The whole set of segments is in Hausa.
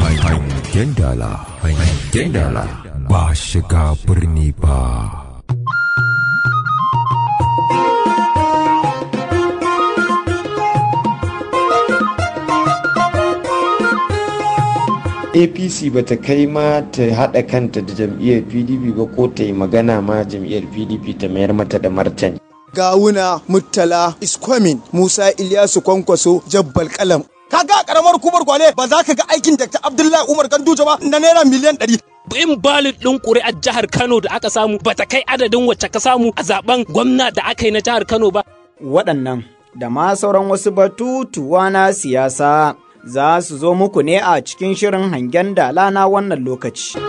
ba shiga birni ba apc ba ta kai ma ta haɗa kanta da jam'iyyar pdp ba ko ta yi magana ma jam'iyyar pdp ta mayar mata da martani gawuna Murtala, iskwamin musa ilyasu kwankwaso jabbal kalam kaga karamar kubar kwale ba za ka ga aikin Dr. Abdullahi Umar Ganduje ba na naira miliyan 100 in balin ɗin ƙuri'ar jihar Kano da aka samu ba ta kai adadin wacce ka samu a zaben gwamna da aka yi na jihar Kano ba. Waɗannan da ma sauran wasu batutuwa na siyasa za su zo muku ne a cikin shirin hangen dala na wannan lokaci.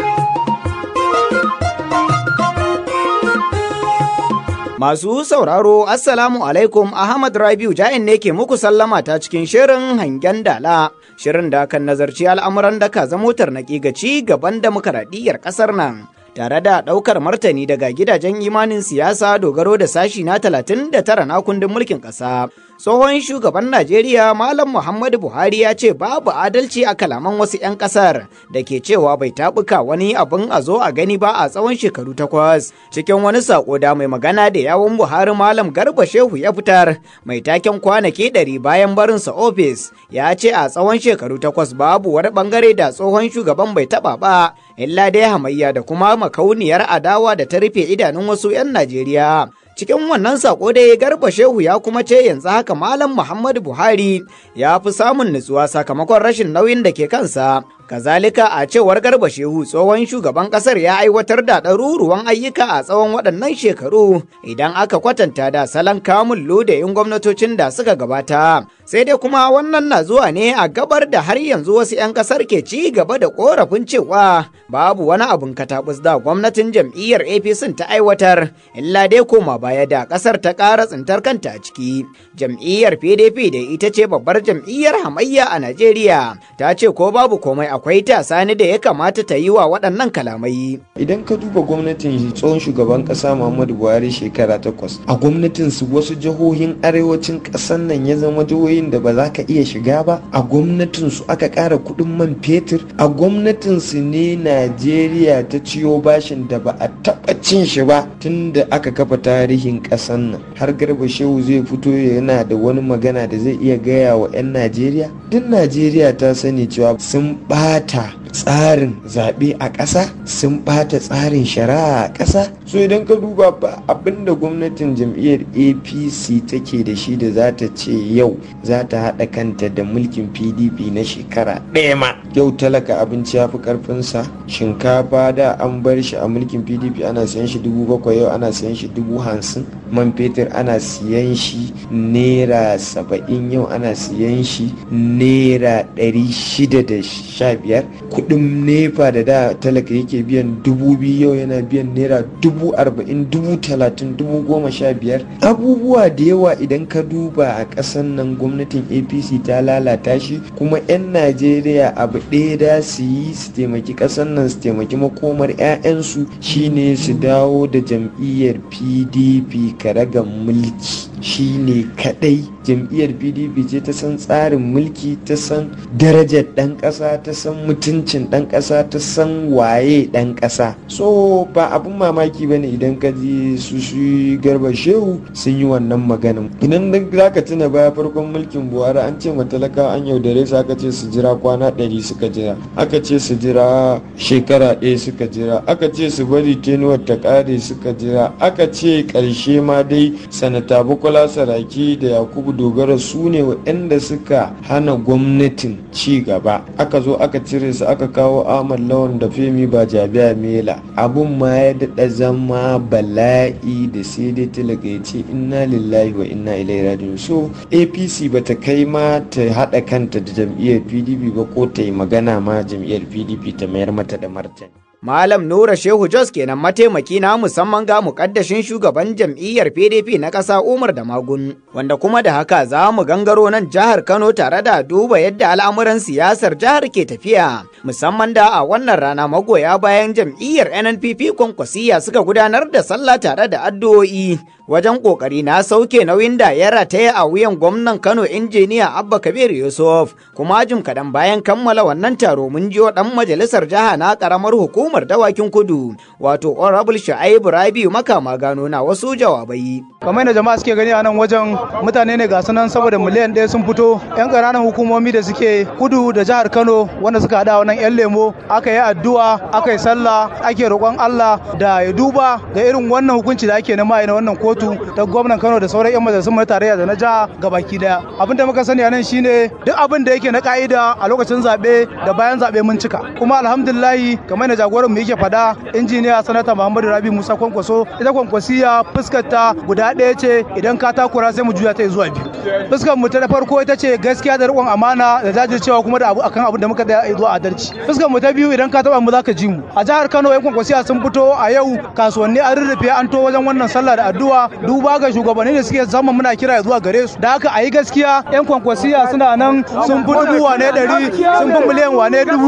Masu sauraro Assalamu alaikum Ahmad Rabiu ja'in ne ke muku sallama ta cikin shirin hangen dala. Shirin da kan nazarci al'amuran da ka zamo tarnaki ga ci gaban demokaradiyyar ƙasar nan. Tare da ɗaukar martani daga gidajen imanin siyasa dogaro da sashi na 39 na kundin mulkin ƙasa. tsohon shugaban Najeriya Malam Muhammadu Buhari ya ce babu adalci a kalaman wasu 'yan kasar da ke cewa bai tabuka wani abin a zo a gani ba a tsawon shekaru takwas. Cikin wani sako da mai magana da yawon Buhari Malam Garba Shehu ya fitar mai taken kwanaki ɗari bayan barinsa ofis ya ce a tsawon shekaru takwas babu wani bangare da tsohon shugaban bai taɓa ba illa dai hamayya da kuma makauniyar adawa da ta rufe idanun wasu 'yan Najeriya. cikin wannan sako dai garba shehu ya kuma ce yanzu haka malam muhammadu buhari ya fi samun nutsuwa sakamakon rashin nauyin da ke kansa kazalika a cewar garba shehu tsohon shugaban kasar ya aiwatar da ɗaruruwan ayyuka a tsawon waɗannan shekaru idan aka kwatanta da salon kamun lodayin gwamnatocin da suka gabata sai dai kuma wannan na zuwa ne a gabar da har yanzu wasu 'yan kasar ke ci gaba da korafin cewa babu wani abin katabus da gwamnatin jam'iyyar apc ta aiwatar illa dai koma baya da kasar ta kara tsintar kanta a ciki jam'iyyar pdp da ita ce babbar jam'iyyar hamayya a najeriya ta ce ko babu komai akwai ta sani da ya kamata ta yi wa waɗannan kalamai idan ka duba gwamnatin tsohon shugaban kasa muhammadu buhari shekara takwas a gwamnatin su wasu jihohin arewacin ƙasar nan ya zama jihohi hanyoyin da ba za ka iya shiga ba a gwamnatin su aka ƙara kuɗin man fetur a gwamnatin su ne najeriya ta ciyo bashin da ba a taɓa cin shi ba tun da aka kafa tarihin ƙasan nan har garba shehu zai fito yana da wani magana da zai iya gaya wa 'yan najeriya duk najeriya ta sani cewa sun ɓata tsarin zaɓe a ƙasa sun ɓata tsarin shari'a a ƙasa so idan ka duba ba abinda gwamnatin jam'iyyar apc take da shi da za ta ce yau za ta haɗa kanta da mulkin pdp na shekara ɗaya ma yau talaka abinci ya fi ƙarfinsa shinkafa da an bar shi a mulkin pdp ana sayan shi dubu bakwai yau ana sayan shi dubu hamsin man fetur ana siyan shi naira saba'in yau ana siyan shi naira ɗari shida da sha biyar kuɗin nefa da da talaka yake biyan dubu biyu yau yana biyan naira dubu arba'in dubu talatin dubu goma sha biyar abubuwa da yawa idan ka duba a ƙasan nan gwamnatin apc ta lalata shi kuma 'yan najeriya abu ɗaya da su yi su taimaki ƙasan nan su taimaki makomar 'ya'yansu shine su dawo da jam'iyyar pdp Ka raga mulki shi ne kadai jam'iyyar pdp ce ta san tsarin mulki ta san darajar dan kasa ta san mutuncin dan kasa ta san waye dan kasa so ba abun mamaki bane idan ka ji su shi garba shehu sun yi wannan maganin idan za ka tuna baya farkon mulkin buhari an ce matalaka an yaudare su aka ce su jira kwana ɗari suka jira aka ce su jira shekara ɗaya suka jira aka ce su bari tenuwar ta kare suka jira aka ce ƙarshe ma dai sanata bakwai bala saraki da yakubu dogara su ne waɗanda suka hana gwamnatin ci gaba aka zo aka cire su aka kawo ahmad lawan da femi ba jabiya mela abun ma ya daɗa zama bala'i da sai dai talaga ce inna lillahi wa inna ilaihi rajiun so apc ba ta kai ma ta haɗa kanta da jam'iyyar pdp ba ko ta yi magana ma jam'iyyar pdp ta mayar mata da martani Malam Nura Shehu Jos kenan mataimaki na musamman ga mukaddashin shugaban jam'iyyar PDP na ƙasa Umar da Magun, wanda kuma da haka za mu gangaro nan jihar Kano tare da duba yadda al'amuran siyasar jihar ke tafiya, musamman da a wannan rana magoya bayan jam'iyyar NNPP kwankwasiya suka gudanar da sallah tare da addu'o'i wajen kokari na sauke nauyin da ya rataya a wuyan gwamnan Kano injiniya Abba Kabir Yusuf kuma jim kadan bayan kammala wannan taro mun ji dan majalisar jiha na karamar hukumar dawakin kudu wato honorable Shu'aibu Rabi makama gano na wasu jawabai kamar da jama'a suke gani a nan wajen mutane ne ga sunan saboda miliyan ɗaya sun fito yan ƙananan hukumomi da suke kudu da jihar Kano wanda suka hada wannan yan lemo aka yi addu'a aka yi sallah ake roƙon Allah da ya duba ga irin wannan hukunci da ake na mai na wannan kotu makarantu ta gwamnan Kano da sauran 'yan majalisun mai tarayya da na jiha gabaki daya. Abin da muka sani anan nan shine duk abin da yake na ka'ida a lokacin zaɓe da bayan zaɓe mun cika. Kuma alhamdulillahi kamar na jagoran mu yake fada injiniya sanata Muhammadu Rabi Musa Kwankwaso ita Kwankwasiya fuskar ta guda ɗaya ce idan ka takura sai mu juya ta zuwa biyu. Fuskar mu ta da farko ita ce gaskiya da riƙon amana da jajircewa kuma da abu akan abin da muka da zuwa adalci. Fuskar mu ta biyu idan ka taɓa mu za ka ji mu. A jihar Kano 'yan Kwankwasiya sun fito a yau kasuwanni an rurrufe an to wajen wannan sallah da addu'a duba ga shugabanni da suke zama muna kira zuwa gare su da haka a yi gaskiya yan kwankwasiya suna nan sun fi dubu wane ɗari sun fi miliyan wane dubu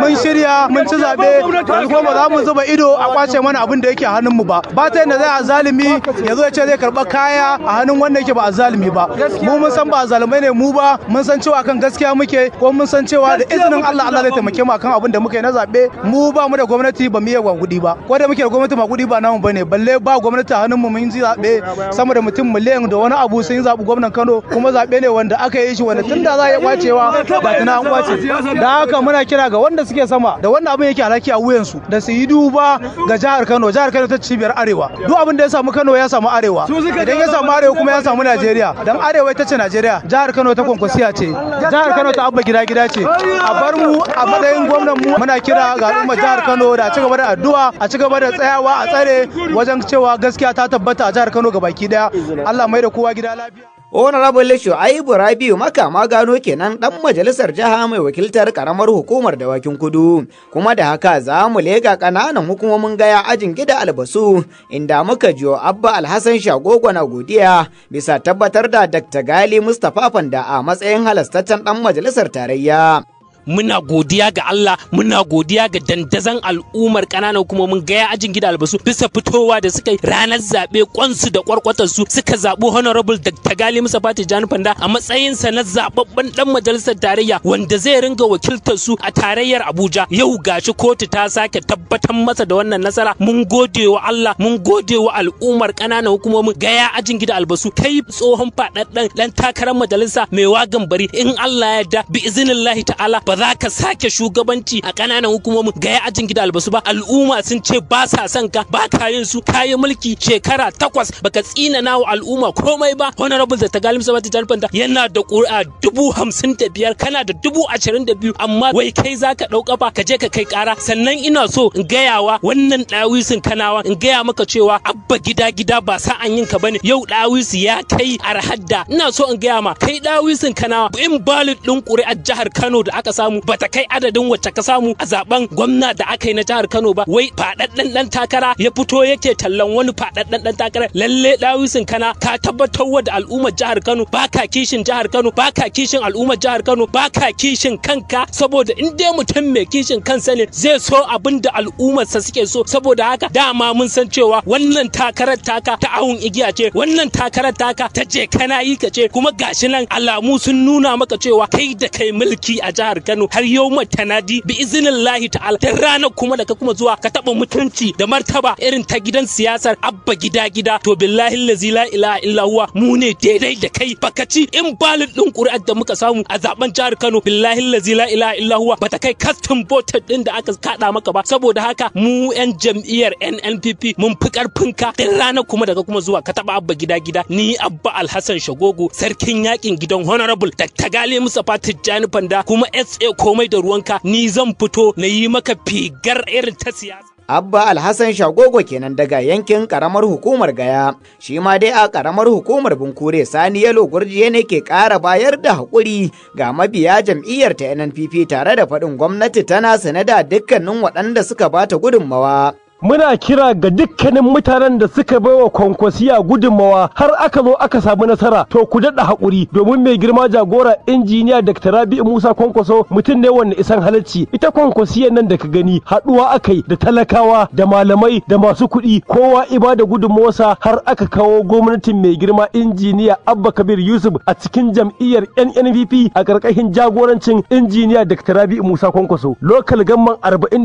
mun shirya mun ci zaɓe yanzu kuma ba za mu zuba ido a kwace mana abin da yake a hannun mu ba ba ta yadda za a zalimi ya zo ya ce zai karɓa kaya a hannun wanda yake ba a zalimi ba mu mun san ba a zalimai ne mu ba mun san cewa kan gaskiya muke ko mun san cewa da izinin Allah Allah zai taimake mu akan abin da muke na zaɓe mu ba mu da gwamnati ba mu yi gwangudi ba ko da muke da gwamnati ma gudi ba namu bane balle ba gwamnati a hannun mu mun ji zaɓe sama da mutum miliyan da wani abu sun zaɓi gwamnan Kano kuma zaɓe ne wanda aka yi shi wanda tun da za a yi kwacewa ba ta na kwace da haka muna kira ga wanda suke sama da wanda abin yake alhaki a wuyansu da su yi duba ga jihar Kano jihar Kano ta cibiyar arewa duk abin da ya samu Kano ya samu arewa idan ya samu arewa kuma ya samu Najeriya dan arewa ita ce Najeriya jihar Kano ta kwankwasiya ce jihar Kano ta abba gida gida ce a bar mu a matsayin gwamnan mu muna kira ga al'ummar jihar Kano da a ci gaba da addu'a a ci gaba da tsayawa a tsare wajen cewa gaskiya ta tabbata a jihar Kano ga baki daya Allah mai da kowa gida lafiya Honorable Shu'aibu Rabiu makama gano kenan dan majalisar jiha mai wakiltar karamar hukumar dawakin kudu kuma da haka za mu lega kananan hukumomin gaya ajin gida albasu inda muka jiyo Abba Alhassan Shagogo na godiya bisa tabbatar da Dr. Gali Mustapha Fanda a matsayin halastaccen dan majalisar tarayya muna godiya ga Allah muna godiya ga dandazan al'ummar ƙananan kuma mun gaya ajin gida albasu bisa fitowa da suka yi ranar zaɓe kwansu da kwarkwatar su suka zaɓi honorable Dr. Gali Musa Fati Jani Fanda a sa na zababban dan majalisar tarayya wanda zai ringa wakiltar su a tarayyar Abuja yau gashi kotu ta sake tabbatar masa da wannan nasara mun gode wa Allah mun gode wa al'ummar ƙananan hukumomin gaya ajin gida albasu kai tsohon faɗaɗɗen ɗan takarar majalisa mai wagan bari in Allah ya yarda bi izinin ta'ala ba za ka sake shugabanci a ƙananan hukumomin gaya ajin gida albasu ba al'umma sun ce ba sa son ka ba ka yin su kayi mulki shekara takwas baka tsina wa al'umma komai ba honorable da tagalim sabati tarfanta yana da ƙuri'a dubu hamsin da biyar kana da dubu ashirin da biyu amma wai kai za ka ɗauka ba. ka je ka kai ƙara sannan ina so in gayawa wannan ɗawisin kanawa in gaya maka cewa abba gida gida ba sa an yin ka bane yau ɗawisi ya kai arhadda ina so in gaya ma kai ɗawisin kanawa in balid ɗin ƙuri'ar jihar Kano da aka sa samu ta kai adadin wacce ka samu a zaben gwamna da aka yi na jihar Kano ba wai fadaddan dan takara ya fito yake tallan wani fadaddan dan takara lalle dawisin kana ka tabbatar wa da al'ummar jihar Kano baka kishin jihar Kano baka kishin al'ummar jihar Kano baka kishin kanka saboda in dai mutum mai kishin kansa ne zai so abin da al'ummarsa suke so saboda haka dama mun san cewa wannan takarar taka ta awun igiya ce wannan takarar taka ta je kana yi ka ce kuma gashi nan alamu sun nuna maka cewa kai da kai mulki a jihar Kano Kano har yau tanadi bi iznillahi ta'ala da ranar kuma da ka kuma zuwa ka taba mutunci da martaba irin ta gidan siyasar abba gida gida to billahi allazi la ilaha illa huwa mu ne daidai da kai baka ci in balin din qur'an da muka samu a zaben jihar Kano billahi allazi la ilaha illa huwa bata kai custom voter din da aka kada maka ba saboda haka mu yan jam'iyyar NNPP mun fi karfin ka da ranar kuma daga kuma zuwa ka taba abba gida gida ni abba alhassan shagogo sarkin yakin gidan honorable dr gali musa tijjani fanda kuma sa tsotse eh, komai da ruwanka ni zan fito na yi maka figar irin ta siyasa Abba Alhassan Shagogo kenan daga yankin karamar hukumar Gaya, shi ma dai a karamar hukumar Bunkure Sani Yalo Gurjiye ne ke ƙara bayar da haƙuri ga mabiya jam'iyyar ta NNPP tare da faɗin gwamnati tana sanada dukkanin waɗanda suka bata gudunmawa. muna kira ga dukkanin mutanen da suka baiwa kwankwasiya gudunmawa har aka zo aka samu nasara to ku daɗa haƙuri domin mai girma jagora injiniya dr rabi'u musa kwankwaso mutum ne wanda isan halarci ita kwankwasiyar nan da ka gani haɗuwa akai da talakawa da malamai da masu kuɗi kowa iba da gudunmawarsa har aka kawo gwamnatin mai girma injiniya abba kabir yusuf a cikin jam'iyyar nnpp a ƙarƙashin jagorancin injiniya dr rabi'u musa kwankwaso lokal gamman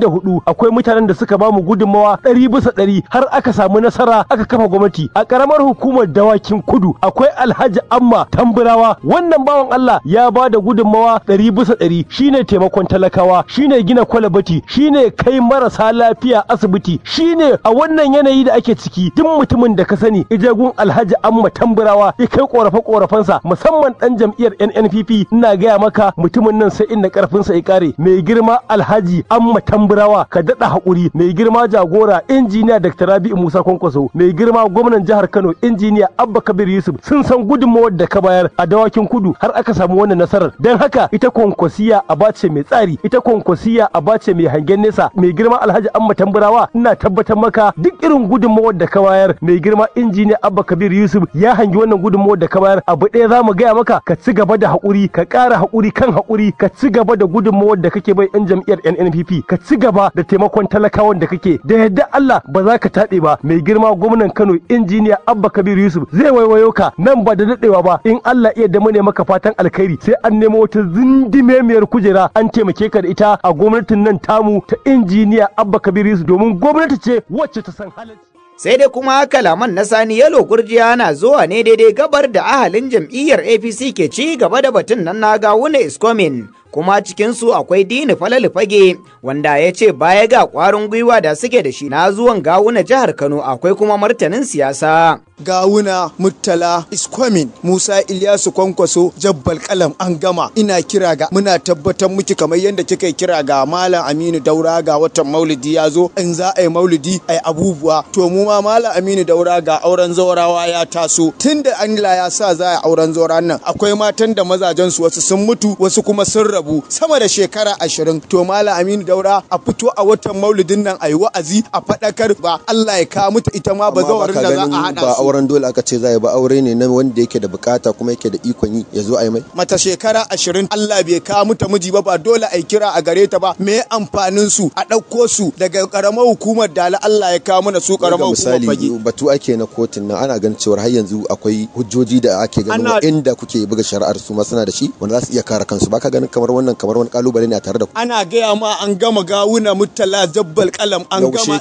hudu, akwai mutanen da suka bamu gudunmawa ɗari bisa ɗari har aka samu nasara aka kafa gwamnati a ƙaramar hukumar dawakin kudu akwai alhaji amma tamburawa wannan bawan Allah ya ba da gudunmawa ɗari bisa ɗari shine taimakon talakawa shine gina kwalabati shine kai marasa lafiya asibiti shine a wannan yanayi da ake ciki duk mutumin da ka sani ijagun alhaji amma tamburawa ya kai korafe korafensa musamman ɗan jam'iyyar NNPP ina gaya maka mutumin nan sai inda ƙarfinsa ya kare mai girma alhaji amma tamburawa ka daɗa haƙuri mai girma jago jagora injiniya Dr. Rabi Musa Kwankwaso mai girma gwamnan jihar Kano injiniya Abba Kabir Yusuf sun san gudunmawar da ka bayar a dawakin kudu har aka samu wannan nasarar don haka ita kwankwasiya abace mai tsari ita kwankwasiya bace mai hangen nesa mai girma Alhaji Amma Tamburawa ina tabbatar maka duk irin gudunmawar da ka bayar mai girma injiniya Abba Kabir Yusuf ya hangi wannan gudunmawar da ka bayar abu ɗaya za mu gaya maka ka ci gaba da haƙuri ka ƙara haƙuri kan haƙuri ka ci gaba da gudunmawar da kake bai 'yan jam'iyyar NNPP ka ci gaba da taimakon talakawan da kake da yadda Allah ba za ka taɗe ba mai girma gwamnan Kano injiniya Abba Kabir Yusuf zai waiwayo ka nan ba da daɗewa ba in Allah iya da mune maka fatan alkhairi sai an nemo wata zindimemiyar kujera an taimake ka da ita a gwamnatin nan tamu ta injiniya Abba Kabir Yusuf domin gwamnati ce wacce ta san halin. sai dai kuma kalaman na sani yalo gurjiya na zuwa ne daidai gabar da ahalin jam'iyyar apc ke ci gaba da batun nan na ga wuna iskomin kuma cikinsu akwai dini falalu fage wanda ya ce baya ga ƙwarin gwiwa da suke da shi na zuwan gawuna jihar kano akwai kuma martanin siyasa gawuna muttala iskwamin musa ilyasu kwankwaso jabbal kalam an gama ina kira ga muna tabbatar muki kamar yadda kika kira ga malam aminu daura ga watan maulidi ya zo in za a yi maulidi a yi abubuwa to mu ma malam aminu daura ga auren zaurawa ya taso Tun da an ya sa za a yi auren zauran nan akwai matan da mazajen su wasu sun mutu wasu kuma sun rabu sama da shekara ashirin to malam aminu daura a fito a watan maulidin nan a yi wa'azi a faɗakar ba allah ya kawo mutu ita ma ba zawarin da za a haɗa su auren dole aka ce za ba aure ne na wanda yake da bukata kuma yake da ikon yi ya zo a yi mai mata shekara ashirin Allah bai kawo ta miji ba ba dole a yi kira a gare ta ba me amfanin su a ɗauko su daga karamar hukumar da Allah ya kawo mana su karamar hukumar fage batu ake na kotun nan ana ganin cewa har yanzu akwai hujjoji da ake ganin inda kuke buga shari'ar su ma suna da shi wanda za su iya kare kansu ba ka ganin kamar wannan kamar wani kalubale ne a tare da ku ana gaya ma an gama gawuna mutala zabbal kalam an gama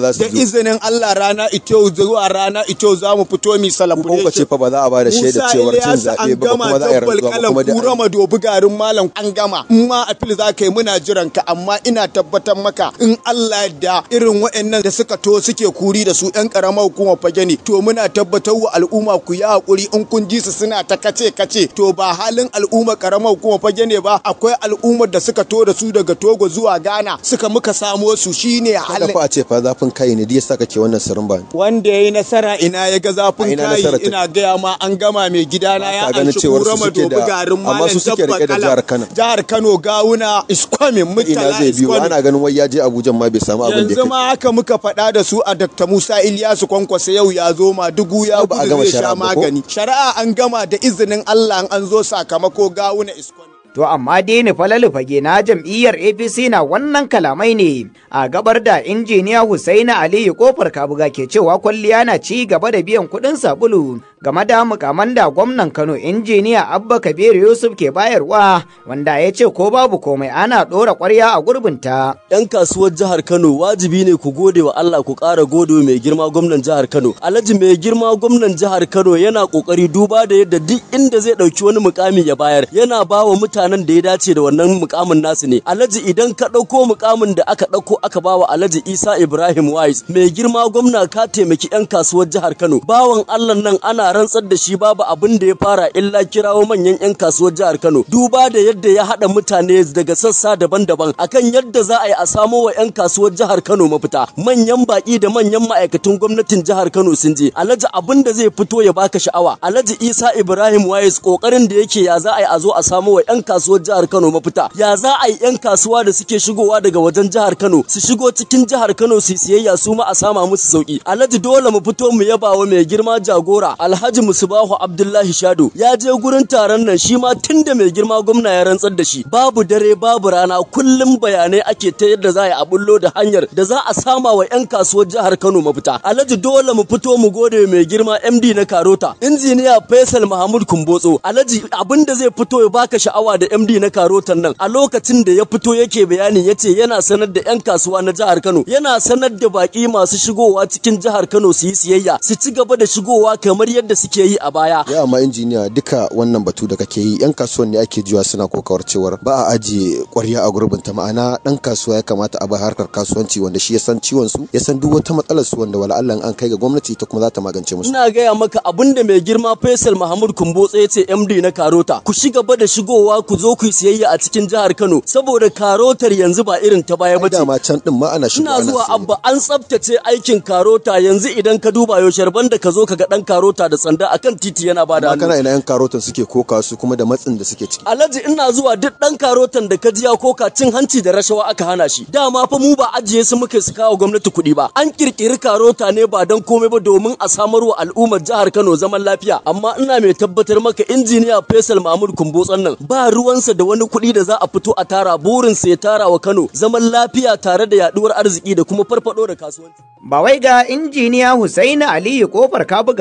da izinin Allah rana ito zuwa rana ito yau za mu fito mi celebration ko ce fa ba za a ba da shaida cewar cin zabe ba kuma za a yi rantsuwa kuma da Kurama dobi garin malam an gama in ma fili za ka yi muna jiran ka amma ina tabbatar maka in Allah da irin waɗannan da suka to suke kuri da su ɗan karamar hukumar fage ne to muna tabbatar wa al'umma ku ya hakuri in kun ji su suna ta kace kace to ba halin al'umma karamar hukumar fage ne ba akwai al'ummar da suka to da su daga Togo zuwa Ghana suka muka samo su shine halin. ka fa a ce fa zafin kai ne da yasa kake wannan surumba. Wanda yayi nasara ina na ya ga zafin kayi ina gaya ma an gama mai gida na ya an shi kurama dobi garin malam dabba kala jihar Kano gawuna iskwamin mutala iskwamin ana ganin wai ya je Abuja ma bai samu abin da yanzu ma haka muka faɗa da su a Dr. Musa Ilyasu Kwankwasa yau ya zo ma dugu ya gudu zai sha magani shari'a an gama da izinin Allah an zo sakamako gawuna iskwamin To amma dai falalu fage na jam'iyyar APC na wannan kalamai ne a gabar da injiniya Husaina Aliyu kofar Kabuga ke cewa kwalliya na ci gaba da biyan kuɗin sabulu game da mukaman da gwamnan Kano injiniya Abba Kabir Yusuf ke bayarwa wanda ya ce ko babu komai ana ɗora kwarya a gurbinta. ‘Yan kasuwar jihar Kano wajibi ne ku gode wa Allah ku kara gode mai girma gwamnan jihar Kano. Alhaji mai girma gwamnan jihar Kano yana kokari duba da yadda duk inda zai ɗauki wani mukami ya bayar yana ba wa mutanen da ya dace da wannan mukamin nasu ne. Alhaji idan ka ɗauko mukamin da aka ɗauko aka ba wa Alhaji Isa Ibrahim Wise mai girma gwamna ka taimaki ‘yan kasuwar jihar Kano. Bawan Allah nan ana rantsar da shi babu abin da ya fara illa kirawo manyan 'yan kasuwar jihar Kano duba da yadda ya haɗa mutane daga sassa daban-daban akan yadda za a yi a samo wa 'yan kasuwar jihar Kano mafita manyan baki da manyan ma'aikatan gwamnatin jihar Kano sun je Alhaji abin da zai fito ya baka sha'awa Alhaji Isa Ibrahim Wayes kokarin da yake ya za a yi a zo a samo wa 'yan kasuwar jihar Kano mafita ya za a yi 'yan kasuwa da suke shigowa daga wajen jihar Kano su shigo cikin jihar Kano su siyayya su ma a sama musu sauki Alhaji dole mu fito mu yaba wa mai girma jagora Alhaji Alhaji Musbahu Abdullahi Shado ya je gurin taron nan shi ma tunda mai girma gwamna ya rantsar da shi babu dare babu rana kullum bayanai ake ta yadda za a bullo da hanyar da za a sama wa 'yan kasuwar jihar Kano mafita. Alhaji dole mu fito mu gode mai girma MD na Karota. Injiniya Faisal Mahmud Kumbotso. Alhaji abin da zai fito ya baka sha'awa da MD na Karotan nan a lokacin da ya fito yake bayani yace yana sanar da 'yan kasuwa na jihar Kano. Yana sanar da baki masu shigowa cikin jihar Kano su yi siyayya su ci gaba da shigowa kamar yadda yadda suke yi a baya ya amma injiniya duka wannan batu da kake yi yan kasuwan ne ake jiwa suna kokawar cewar ba a ajiye ƙwarya a gurbin ta ma'ana dan kasuwa ya kamata a bar harkar kasuwanci wanda shi ya san ciwon su ya san duk wata matsalar su wanda wala Allah an kai ga gwamnati ita kuma za ta magance musu ina gaya maka da mai girma Faisal Mahmud Kumbotse ya ce MD na Karota ku ci gaba da shigowa ku zo ku siyayya a cikin jihar Kano saboda karotar yanzu ba irin ta baya ce. dama can din ma ana ina zuwa abba an tsaftace aikin karota yanzu idan ka duba yo sharban da ka zo ka ga dan karota da sanda akan titi yana ba da hannu kana ina yan karotan suke koka su kuma da matsin da suke ciki alhaji ina zuwa duk dan karotan da ka ji ya koka cin hanci da rashawa aka hana shi dama fa mu ba ajiye su muke su kawo gwamnati kuɗi ba an kirkiri karota ne ba dan komai ba domin a samar wa al'ummar jihar Kano zaman lafiya amma ina mai tabbatar maka injiniya Faisal Mahmud Kumbotsan nan ba ruwansa da wani kuɗi da za a fito a tara burin ya tara wa Kano zaman lafiya tare da yaduwar arziki da kuma farfado da kasuwanci ba wai ga injiniya Husaini Aliyu kofar kabu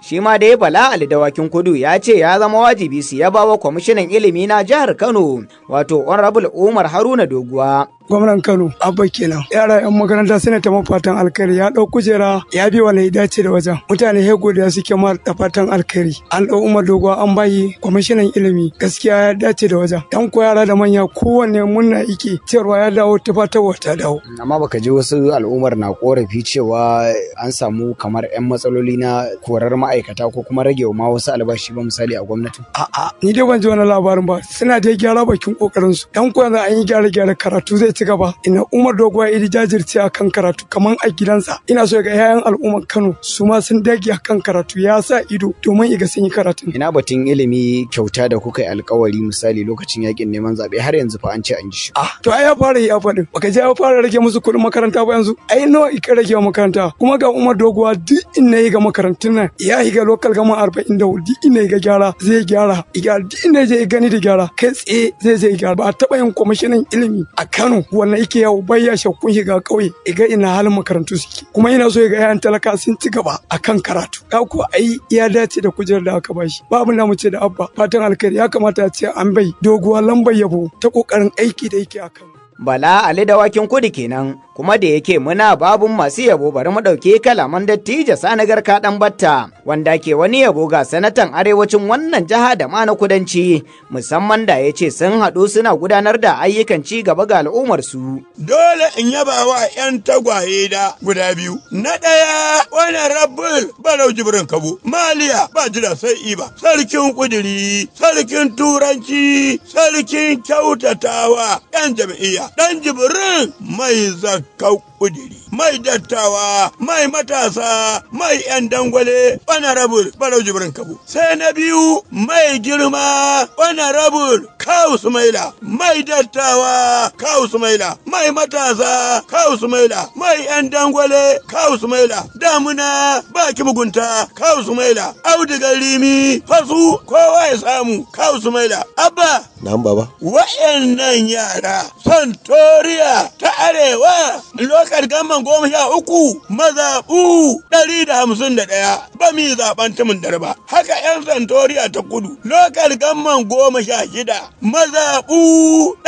shi shi ma ya bala ali dawakin kudu ya ce ya zama wajibi su yaba wa kwamishinan ilimi na jihar kano wato honorable umar haruna doguwa gwamnan Kano Abba kenan yara yan makaranta suna ta fatan alkhairi ya dau kujera ya bi wani dace da wajen mutane he godiya suke ma da fatan alkhairi an dau Umar Dogo an bayi kwamishinan ilimi gaskiya ya dace da wajen dan ko yara da manya kowanne munna yake cewa ya dawo ta fatarwa ta dawo amma baka ji wasu al'ummar na korafi cewa an samu kamar yan matsaloli na korar ma'aikata ko kuma rage ma wasu albashi ba misali a gwamnati a'a ni dai ban ji wani labarin ba suna da gyara bakin kokarin su dan ko yanzu an yi gyara gyara karatu zai ci gaba ina umar doguwa iri jajirce a kan karatu kaman a gidansa ina so ga yayan al'umman kano su ma sun dage a kan karatu ya sa ido domin iga sun yi karatu ina batun ilimi kyauta da kuka yi alkawari misali lokacin yakin neman zaɓe har yanzu fa an ce an ji shi ah to ai ya fara yi a faɗin baka ji ya fara rage musu kuɗin makaranta ba yanzu ai nawa ika rage makaranta kuma ga umar doguwa duk in yi ga makarantun nan ya yi ga lokal gama arba'in da hudu in yi ga gyara zai gyara iga duk ina je gani da gyara kai tsaye zai zai gyara ba a taɓa yin kwamishinan ilimi a kano shaku wannan ike yawo bayya shakun shiga kauye iga ina halin makarantu suke kuma ina so ga yayan talaka sun ci gaba akan karatu ka ko ai ya dace da kujerar da aka bashi babu na mu ce da abba fatan alkhairi ya kamata a ce an bai doguwa lambar yabo ta kokarin aiki da yake akan bala ali dawakin kudi kenan kuma da yake muna babun masu yabo bari mu ɗauki kalaman dattijo sanagar kaɗan batta wanda ke wani yabo ga sanatan arewacin wannan jiha da ma na kudanci musamman da ya ce sun haɗu suna gudanar da ayyukan ci gaba ga al'ummarsu. Dole in yaba wa 'yan tagwaye da guda biyu. Na ɗaya wani rabbul barau jibrin kabo maliya ba jira sai iba sarkin kudiri sarkin turanci sarkin kyautatawa 'yan jam'iyya ɗan jibrin mai zaka. cikakkau ƙudiri. Mai dattawa, mai matasa, mai 'yan dangwale, honorable Barau Jibrin Kabo. Sai na biyu mai girma honorable Kawu Maila. mai dattawa Kawu Maila. mai matasa Kawu Maila. mai 'yan dangwale Kawu Maila. damuna baki mugunta Kawu Maila. audigar limi. fasu kowa ya samu Kawu Maila. Abba. Na'am baba. Wa'annan yara santoriya ta arewa lokar gamman goma sha uku mazaɓu ɗari da hamsin da ɗaya ba mi zaɓen timin darba haka 'yan santoriya ta kudu lokar gamman goma sha shida mazaɓu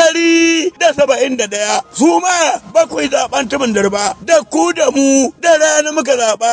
dari da saba'in da ɗaya su ma ba ku zaɓen tumin dirba da ku da mu da rana muka zaɓa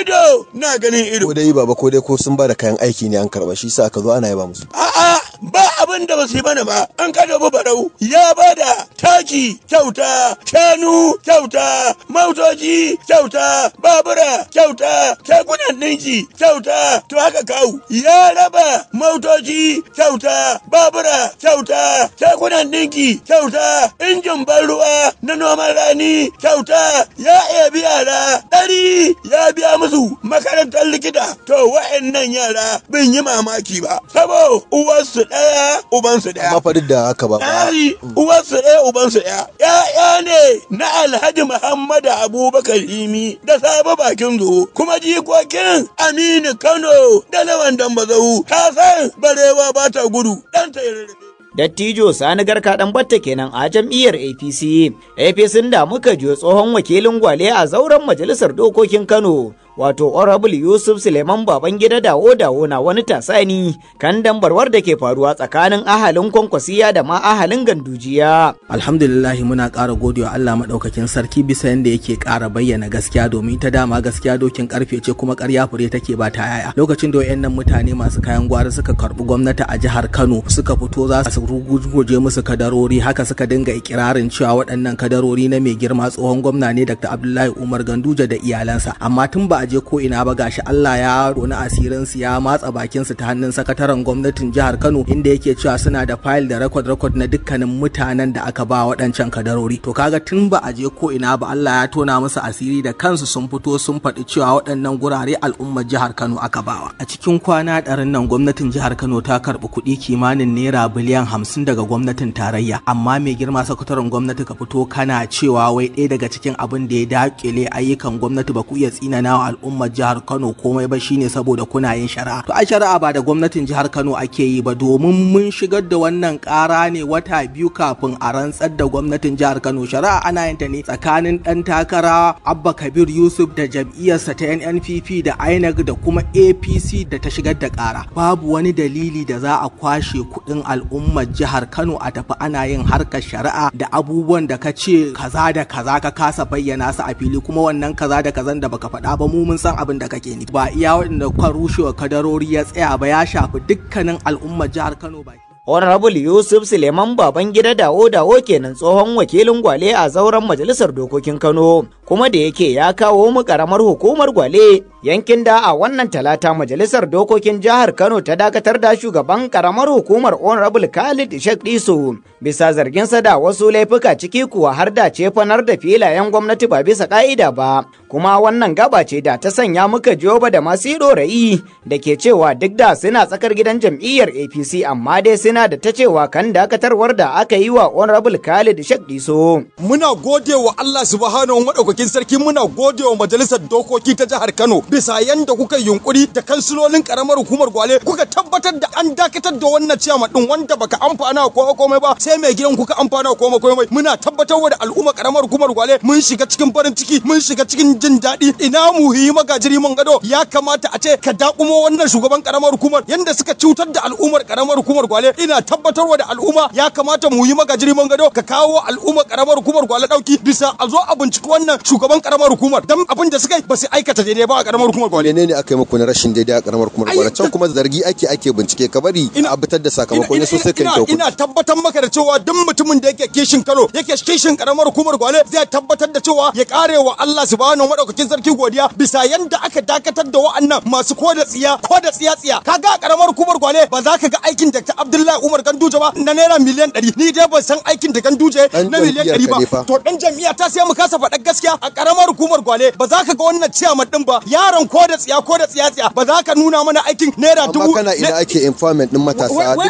ido na ganin ido. Ko dai baba ko dai ko sun ba da kayan aiki ne an karɓa shi sa ka zo ana yaba musu. A'a ba abin da ba su yi mana ba an kada bu barau ya ba da taki kyauta shanu kyauta motoci kyauta babura kyauta kekunan ninki kyauta to haka kawu ya raba motoci kyauta babura kyauta kekunan ninki siminti kyauta injin ban ruwa na noman rani kyauta ya iya biya da ɗari ya biya musu makarantar likita to wa'annan yara bin yi mamaki ba sabo uwarsu ɗaya ubansu ɗaya. Amma farin da haka ba. Ɗari mm. uwarsu ɗaya ubansu ɗaya. ne na Alhaji Muhammadu Abubakar Limi da sabo bakin zo kuma jikokin Aminu Kano da Lawan Dambazau ta san barewa ba ta gudu ɗan ta yi Dattijo Sani Garka dan batta kenan a jam'iyyar APC. APC da muka je tsohon wakilin gwale a zauren majalisar dokokin Kano wato honorable yusuf suleiman gida dawo dawo na wani tasani kan dambarwar da ke faruwa tsakanin ahalin kwankwasiya da ma ahalin gandujiya alhamdulillah muna ƙara godewa allah maɗaukakin sarki bisa yadda yake kara bayyana gaskiya domin ta dama gaskiya dokin karfe ce kuma karya fure take ba ta yaya lokacin da nan mutane masu kayan gwari suka karɓi gwamnati a jihar kano suka fito za su rugujuje musu kadarori haka suka dinga ikirarin cewa waɗannan kadarori na mai girma tsohon gwamna ne dr abdullahi umar ganduja da iyalansa amma tun ba a je ko ina ba gashi Allah ya roni asirin su ya matsa bakinsu ta hannun sakataren gwamnatin jihar Kano inda yake cewa suna da fayil da record record na dukkanin mutanen da aka ba waɗancan kadarori to kaga tun ba a je ko ina ba Allah ya tona musu asiri da kansu sun fito sun faɗi cewa waɗannan gurare al'ummar jihar Kano aka bawa a cikin kwana ɗarin nan gwamnatin jihar Kano ta karɓi kuɗi kimanin naira biliyan hamsin daga gwamnatin tarayya amma mai girma sakataren gwamnati ka fito kana cewa wai ɗaya daga cikin abin da ya dakile ayyukan gwamnati ba ku iya tsinanawa al'ummar jihar Kano komai ba shine saboda kuna yin shari'a to ai shari'a ba da gwamnatin jihar Kano ake yi ba domin mun shigar da wannan ƙara ne wata biyu kafin a rantsar da gwamnatin jihar Kano shari'a ana yin ta ne tsakanin ɗan takara Abba Kabir Yusuf da jam'iyyarsa ta NNPP da INEC da kuma APC da ta shigar da ƙara babu wani dalili da za a kwashe kuɗin al'ummar jihar Kano a tafi ana yin harkar shari'a da abubuwan da ka ce kaza da kaza ka kasa bayyana su a fili kuma wannan kaza da kazan da baka faɗa ba mu mun san abin da kake ni ba iya waɗanda kwa rushewa kadarori ya tsaya ba ya shafi dukkanin al'ummar jihar Kano ba Honorable Yusuf Suleiman Babangida Dawo Dawo kenan tsohon wakilin Gwale a zauren Majalisar Dokokin Kano, kuma da yake ya kawo mu karamar hukumar Gwale yankin da a wannan talata majalisar dokokin jihar kano ta dakatar da shugaban karamar hukumar honorable khalid sheikh diso bisa zarginsa da wasu laifuka ciki kuwa har da cefanar da filayen gwamnati ba bisa ka'ida ba kuma wannan gaba ce da ta sanya muka ba da masu ra'i da ke cewa duk da suna tsakar gidan jam'iyyar apc amma dai suna da ta cewa kan dakatarwar da aka yi wa honorable khalid sheikh diso muna gode wa allah subhanahu maɗaukakin sarki muna gode wa majalisar dokoki ta jihar kano bisa yanda kuka yunkuri da kansilolin karamar hukumar gwale kuka tabbatar da an dakatar da wannan ciyama din wanda baka amfana ko komai ba sai mai gidan kuka amfana ko komai muna tabbatar wa al'umma karamar hukumar gwale mun shiga cikin farin ciki mun shiga cikin jin daɗi ina yi magajiri mun gado ya kamata a ce ka dakumo wannan shugaban karamar hukumar yanda suka cutar da al'ummar karamar hukumar gwale ina tabbatar da al'umma ya kamata mu yi magajiri mun gado ka kawo al'umma karamar hukumar gwale dauki bisa a zo a binciki wannan shugaban karamar hukumar dan abin da suka yi ba su aikata daidai ba a karamar karamar hukumar ba ne ne aka yi muku na rashin daidai a karamar hukumar ba can kuma zargi ake ake bincike ka bari a bitar da sakamakon ne sosai kyau ina tabbatar maka da cewa duk mutumin da yake kishin Kano yake kishin karamar hukumar gwale zai tabbatar da cewa ya kare wa Allah subhanahu ta'ala sarki godiya bisa yanda aka dakatar da wa'annan masu ko da tsiya ko da tsiya tsiya kaga karamar hukumar gwale ba za ka ga aikin da ta Abdullahi Umar Ganduje ba na naira miliyan 100 ni dai ban san aikin da Ganduje na miliyan 100 ba to dan jami'a ta sai mu kasa faɗa gaskiya a karamar hukumar gwale ba za ka ga wannan ciyaman din ba ya yaron ko da tsiya ko da tsiya tsiya ba za ka nuna mana aikin naira dubu amma kana ina ake informant din matasa wai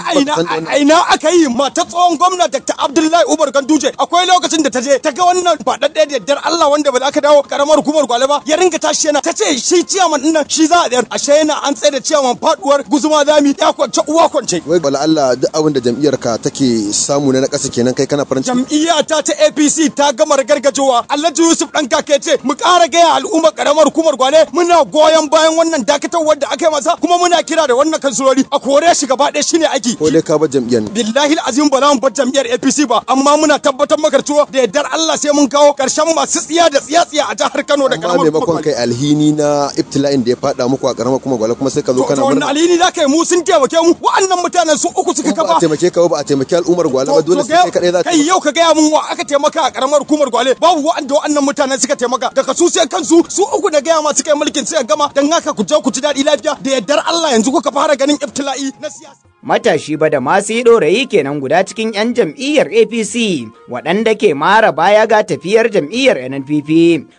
a ina aka yi mata tsohon gwamna Dr. Abdullahi Umar Ganduje akwai lokacin da ta je ta ga wannan faɗaɗɗe da yaddar Allah wanda ba za ka dawo karamar hukumar Gwale ba ya ringa tashi yana ta ce shi ciyaman din nan shi za a dayar ashe yana an tsaye da ciyaman faduwar guzuma zami ya kwance uwa kwance wai bala Allah duk abin da jam'iyyar ka take samu na kasa kenan kai kana farin jam'iyya ta ta APC ta gama gargajawa. Alhaji Yusuf dan kake ce mu kara gaya al'umma karamar hukumar Gwale mun muna goyon bayan wannan dakatarwar da aka yi masa kuma muna kira da wannan kansulori a kore shi gaba ɗaya shine aiki ko dai ka ba jam'iyyar billahi azim ba za mu bar jam'iyyar APC ba amma muna tabbatar maka cewa da yardar Allah sai mun kawo karshen masu tsiya da tsiya-tsiya a jihar Kano da karamar kuma maimakon kai alhini na ibtila'in da ya fada muku a karama kuma gwala kuma sai ka zo kana murna alhini da kai mu sun taimake mu wa'annan mutanen su uku suka kafa ba taimake ka ba a taimake al'ummar gwala ba dole sai kai kadai za ka kai yau ka ga mun wa aka taimaka a karamar hukumar gwale babu wa'anda wa'annan mutanen suka taimaka daga su sai kansu su uku da gaya ma suka yi mulki mulkin sai gama dan haka ku je ku ji daɗi lafiya da yardar Allah yanzu kuka fara ganin iftila'i na siyasa. Matashi ba da masu yi ɗorayi kenan guda cikin 'yan jam'iyyar APC waɗanda ke mara baya ga tafiyar jam'iyyar NNPP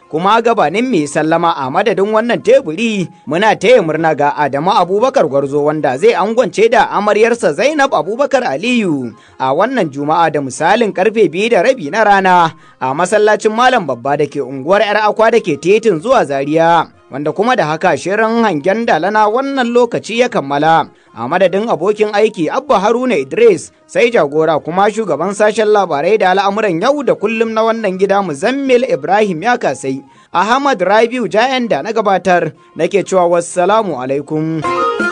kuma gabanin mai sallama a madadin wannan teburi muna taya murna ga Adamu Abubakar Gwarzo wanda zai angwance da amaryarsa Zainab Abubakar Aliyu a wannan Juma'a da misalin karfe biyu da rabi na rana a masallacin Malam Babba da ke unguwar 'yar akwa da ke titin zuwa Zaria. wanda kuma da haka shirin hangen dalana wannan lokaci ya kammala a madadin abokin aiki abba haruna idris sai jagora kuma shugaban sashen labarai da al'amuran yau da kullum na wannan gida muzammil ibrahim ya kasai ahmad rabiu jayan da na gabatar nake cewa wassalamu alaikum